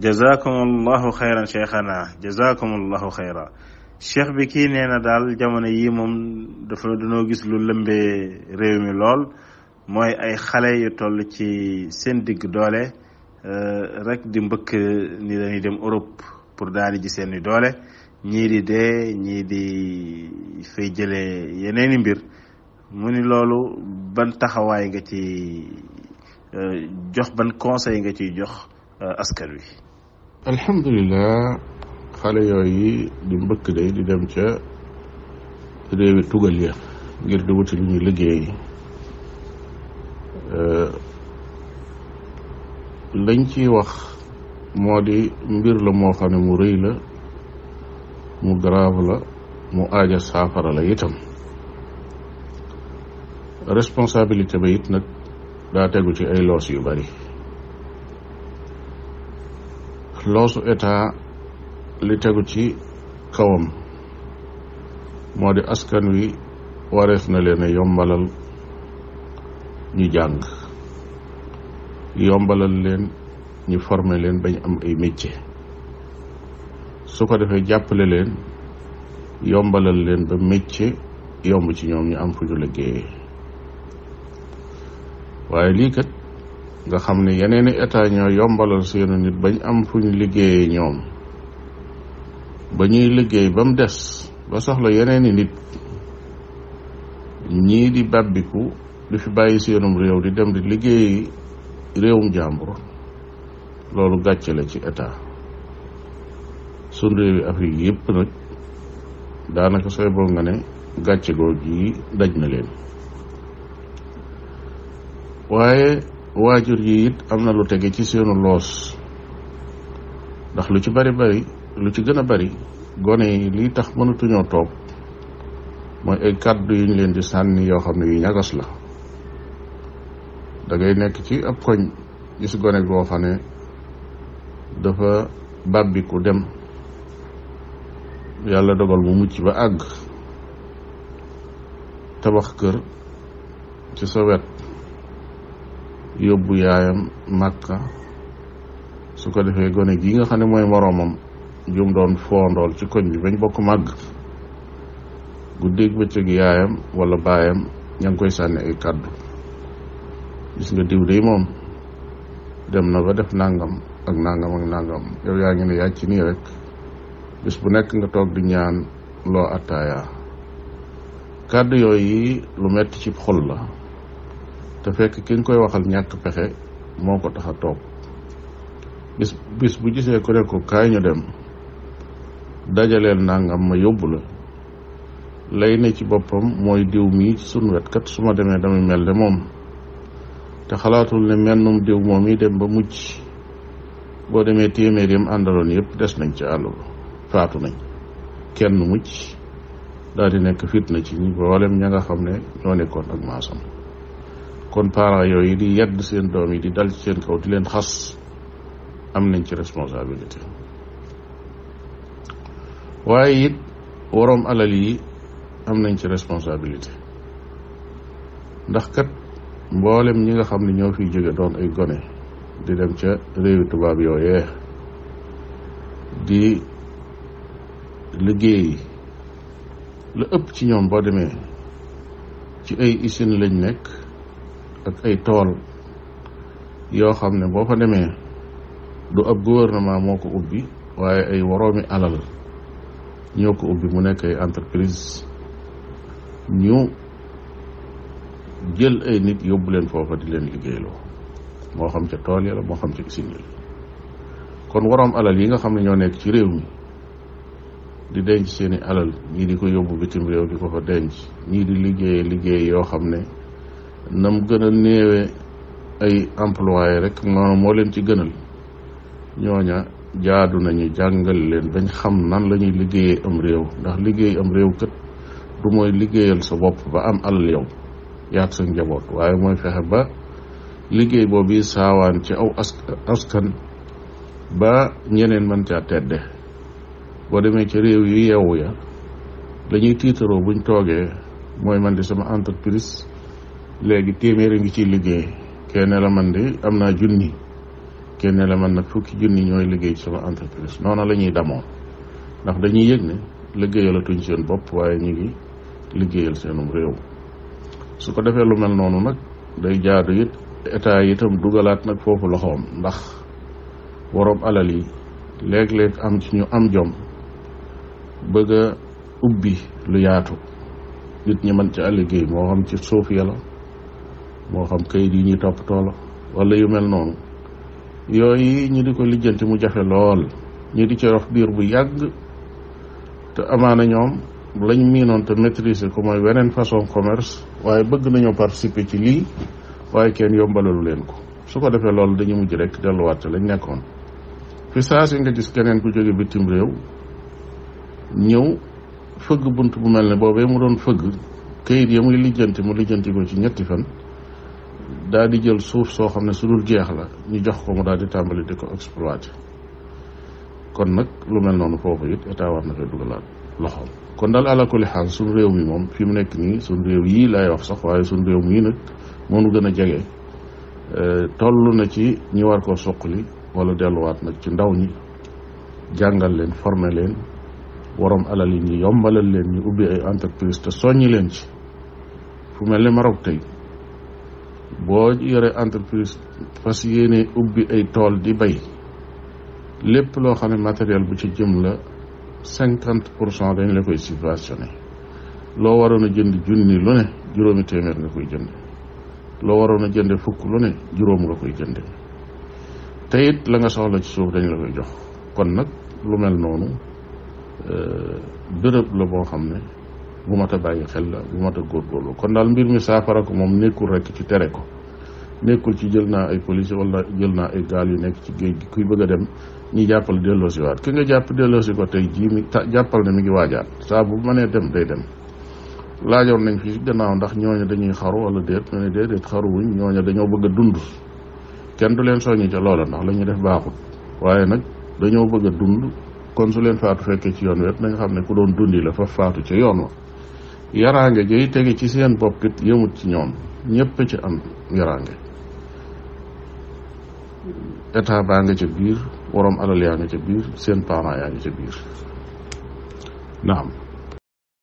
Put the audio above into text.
jazakum allahu xayran cheikhana jazakum allahu xayra cheikh bi kii nee na daal jamono yii moom dafa dañoo gis lu lëmbee réew mi lool mooy ay xale yu toll ci seen digg doole euh, rekk di mbëkk ni dañuy dem Europe pour daal di seen i doole ñii di dee ñii di fay jëlee yeneeni mbir mu ni loolu ban taxawaay nga ci euh, jox ban conseil nga ciy jox euh, askan wi alhamdulilah xale yooyu di mbëkk day di dem ca réewi tugal ya ngir di wuti lu ñuy liggéey euh, lañ wax moo di mbir la moo xam ne mu rëy la mu grave la mu aaja saafara la itam responsabilité ba it nag daa tegu ci ay loos yu bari loosu état li tegu ci kawam moo di askan wi wareef na leen a yombalal ñu jàng yombalal leen ñu forme leen bañ am ay métier su ko defee jàppale leen yombalal leen ba métier yomb ci ñoom ñu am fu ñu waaye lii kat nga xam ne yeneen i état ñoo yombalal seenu nit bañ am fu ñu liggéeyee ñoom ba ñuy liggéey ba mu des ba soxla yeneen i nit ñii di bàbbiku di fi bàyyi seenum réew di dem di liggéeyi réewum jàmbur loolu gàcce la ci état sun réewi Afrique yépp nag daanaka sooy boo nga ne gàcce googu yi daj na leen waaye waajur yi it am na lu tege ci seenu loos ndax lu ci bari bari lu ci gën a bari gone yi lii tax mënatuñoo toog mooy ay kàddu yu ñu leen di sànni yoo xam ne yu ñagas la dangay nekk ci ab koñ gis gone goo xam ne dafa bàbbiku dem yàlla dogal mu mucc ba àgg tabax kër ci sa wet yóbbu yaayam màkka su ko defee gone gi nga xam ne mooy moroomam jum doon foondool ci koñ bi bañ bokk màgg guddeeg bëccëg yaayam wala baayam ña ngi koy sànni ay kàddu gis nga diw day moom dem na ba def nangam ak nangam ak nangam yow yaa ngi ne yaa nii rek bis bu nekk nga toog di ñaan loo attaaya kàddu yooyu lu metti ci xol la te fekk ki nga koy waxal ñàkk pexe moo ko tax a toog bis bu gisee ku ne ko kaay ñu dem dajaleel nangam ma yóbbu la lay ne ci boppam mooy diw mii ci sunu wet su ma demee damay mel ne moom te xalaatul ne mennum diw moom yi dem ba mujj boo demee téeméer yam àndaloon yëpp des nañ ci àll ba faatu nañ kenn mucc daal di nekk fitna ci ñi boolem ña nga xam ne ñoo nekkoon ak maasam kon parents yooyu di yedd seen doom yi di dal ci seen kaw di leen xas am nañ ci responsabilité waaye it waroom alal yi am nañ ci responsabilité ndaxkat kat mboolem ñi nga xam ne ñoo fiy jóge doon ay gone di dem ca réewi tubaab yooyee di liggéey lu ëpp ci ñoom boo demee ci ay usine lañ nekk ak ay tool yoo xam ne boo fa demee du ab gouvernement moo ko ubbi waaye ay woroomi alal ñoo ko ubbi mu nekk ay entreprise ñu jël ay nit yóbbu leen foofa di leen liggéeyloo moo xam ca tool ya moo xam ca usine yi kon waroom alal yi nga xam ne ñoo nekk ci réew mi di denc seeni alal ñii di ko yóbbu bitim réew di ko fa denc ñii di liggéeye liggéey yoo xam ne nam gën a néewee ay employé rek moo leen ci gënal ñooña jaadu nañu jàngal leen bañ xam nan lañuy liggéeyee am réew ndax liggéey am réew kët du mooy liggéeyal sa bopp ba am alal yow yaat sa njaboot waaye mooy fexe ba liggéey boobu yi saawaan ci aw askan ba ñeneen mën caa tedde boo demee ci réew yi yeewu ya la ñuy tiitaroo buñ toogee mooy man di sama entreprise léegi téeméer a ngi ciy liggéey kenn la man de am naa junni kenn la man nag fukki junni ñooy liggéey ci sama entreprise noonu la ñuy damoo ndax dañuy yëg ne liggéeyalatuñ seen bopp waaye ñu ngi liggéeyal seenum réew su ko defee lu mel noonu nag day jaadu it état yi itam dugalaat nag foofu loxoom ndax woroom alal yi léeg-léeg am ci ñu am jom bëgg a ubbi lu yaatu nit ñi mën ci liggéey moo xam ci suuf yàlla moo xam kayit yi ñuy toppatoo la wala yu mel noonu yooyu ñu di ko lijjanti mu jafe lool ñu di ci biir diir bu yàgg te amaana ñoom lañ miinoon te maîtriser ko mooy weneen façon commerce waaye bëgg nañoo participer ci lii waaye kenn yombalalu leen ko su ko defee loolu dañu mujj rek delluwaat lañ nekkoon fi saa si nga gis keneen ku jóge bitim réew ñëw fëgg bunt bu mel ne boobee mu doon fëgg kayit ya muy lijjanti mu lijjanti ko ci ñetti fan daal di jël suuf soo xam ne su dul jeex la ñu jox ko mu daal di tàmbali di ko exploité kon nag lu mel noonu foofu it état war na fee dugalaat loxoom. kon daal ala kulli xaal suñu réew mi moom fi mu nekk nii suñu réew yii laay wax sax waaye suñu réew mii nag moonu gën a jege eh, tollu na ci ñi war koo li wala delluwaat nag ci ndaw ñi jàngal leen former leen waroom alal yi ñu yombalal leen ñu ubbi ay entreprise te soññi leen ci fu mel ne Maroc tey. boo yore entreprise fas yéene ubbi ay tool di bay lépp loo xam ne matériel bu ci jëm la cinquante pour cent dañ la koy subventionné loo waroon a jënd junni lu ne juróomi téeméer nga koy jënd loo waroon a jënde fukk lu ne juróom nga koy jënde te it la nga soxla ci suuf dañ la koy jox kon nag lu mel noonu euh, bërëb la boo xam ne bu mat a bàyyi xel la bu mat a góorgóorlu kon daal mbir mi saafara ko moom nekkul rekk ci tere ko nekkul ci jël naa ay police wala jël naa ay gaal yu nekk ci géej gi kuy bëgg dem ñi jàppal delloosi waat ki nga jàpp delloosi ko tey jii mi jàppal na mi ngi waajaat saa bu mënee dem day dem laajoon nañ fi gannaaw ndax ñooñu dañuy xaru wala déet ñu ne déedéet xaruwuñ ñooñu dañoo bëgg a dund kenn du leen soññi ca loola ndax la ñuy def baaxut waaye nag dañoo bëgg a dund kon su leen faatu fekkee ci yoon wet nañ xam ne ku doon dundi la fa faatu ca yoon wa yaraange jëy tege ci seen bopp it yëmut ñoom ñëpp ci am yaraange état baa nga ca biir waroom alal yaa nga ca biir seen parents yaa nga ca biir naam